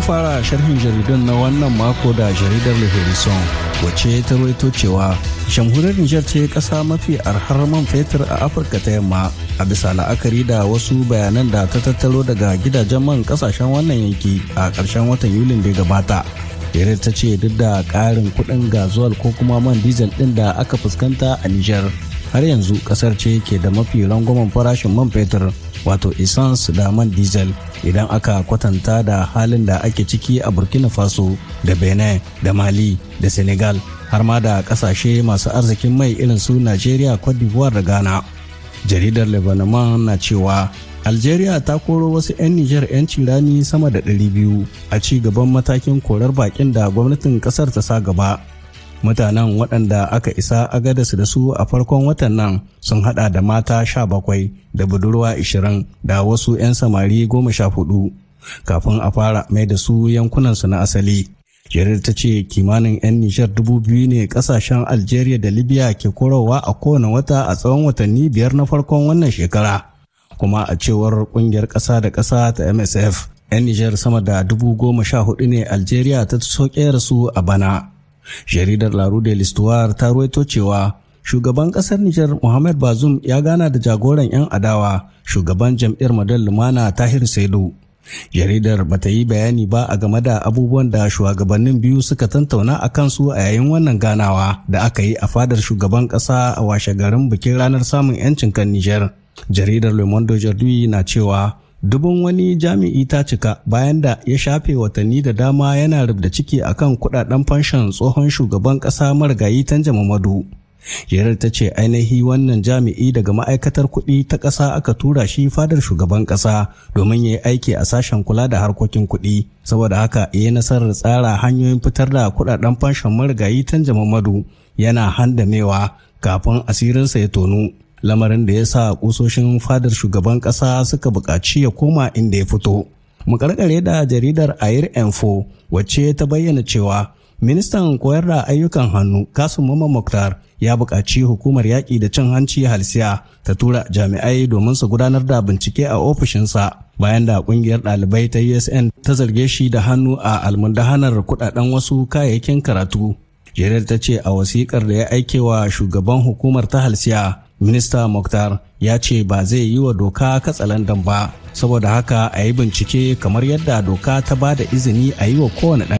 mu fara sharhin jaridun na wannan mako da jaridar Leherison wacce ta rawaito cewa jamhuriyar Nijar ce kasa mafi arhar man fetur a Afirka ta yamma a bisa la'akari da wasu bayanan da ta tattalo daga gidajen man kasashen wannan yanki a karshen watan Yulin da gabata. Yare ta ce duk da karin kudin gazuwal ko kuma man dizel din da aka fuskanta a Nijar har yanzu kasar ce ke da mafi rangwamen farashin man fetur wato essence da man diesel idan aka kwatanta da halin da ake ciki a burkina faso da benin da mali da senegal har ma da kasashe masu arzikin mai irin su nigeria cote d'ivoire da ghana jaridar lebanon na cewa algeria ta koro wasu 'yan niger 'yanci rani sama da 200 a ci gaban matakin korar bakin da gwamnatin kasar ta sa gaba mutanen waɗanda aka isa agadas da su a farkon watan nan sun hada da mata sha bakwai da budurwa ishirin da wasu 'yan samari goma sha hudu kafin a fara mai da su yankunansu na asali jarir ta ce kimanin 'yan nishar dubu biyu ne kasashen algeria da libya ke korowa a kowane wata a tsawon watanni biyar na farkon wannan shekara kuma a cewar kungiyar ƙasa da ƙasa ta msf 'yan nijar sama da dubu goma sha hudu ne algeria ta soke su a bana Jaridar La Rue de l'Histoire ta ruwaito cewa shugaban kasar Nijar Muhammad Bazoum ya gana da jagoran 'yan adawa shugaban jam'iyyar Madal Lumana Tahir Saidu. Jaridar ba ta yi bayani ba a game da abubuwan da shugabannin biyu suka tantauna a kansu a yayin wannan ganawa da aka yi a fadar shugaban kasa a washe garin bikin ranar samun 'yancin kan Nijar. Jaridar Le Monde na cewa Dubin wani jami'i ta cika bayan da ya shafe watanni da dama yana rubda ciki akan kudaden fanshon tsohon shugaban kasa marigayi tanja mamadu jerar ta ce ainihi wannan jami'i daga ma'aikatar kuɗi ta ƙasa aka tura shi fadar shugaban ƙasa domin ya yi aiki a sashen kula da harkokin kuɗi saboda haka ya nasarar tsara hanyoyin fitar da kuɗaɗen fanshon marigayi tanja mamadu yana handamewa kafin asirinsa ya tonu lamarin da ya sa kusoshin fadar shugaban ƙasa suka buƙaci ya koma inda ya fito. Mukarkare da jaridar Air Info wacce ta bayyana cewa ministan koyar da ayyukan hannu kasu mama muktar ya buƙaci hukumar yaƙi da cin hanci halsiya ta tura jami'ai domin su gudanar da bincike a ofishinsa bayan da ƙungiyar ɗalibai ta usn ta zarge shi da hannu a almundahanar kuɗaɗen wasu kayayyakin karatu jaridar ta ce a wasikar da ya aike wa shugaban hukumar ta halsiya minista Mokhtar ya ce ba zai yi wa doka katsalandan ba saboda haka a yi bincike kamar yadda doka ta ba da izini a yi wa kowane ɗan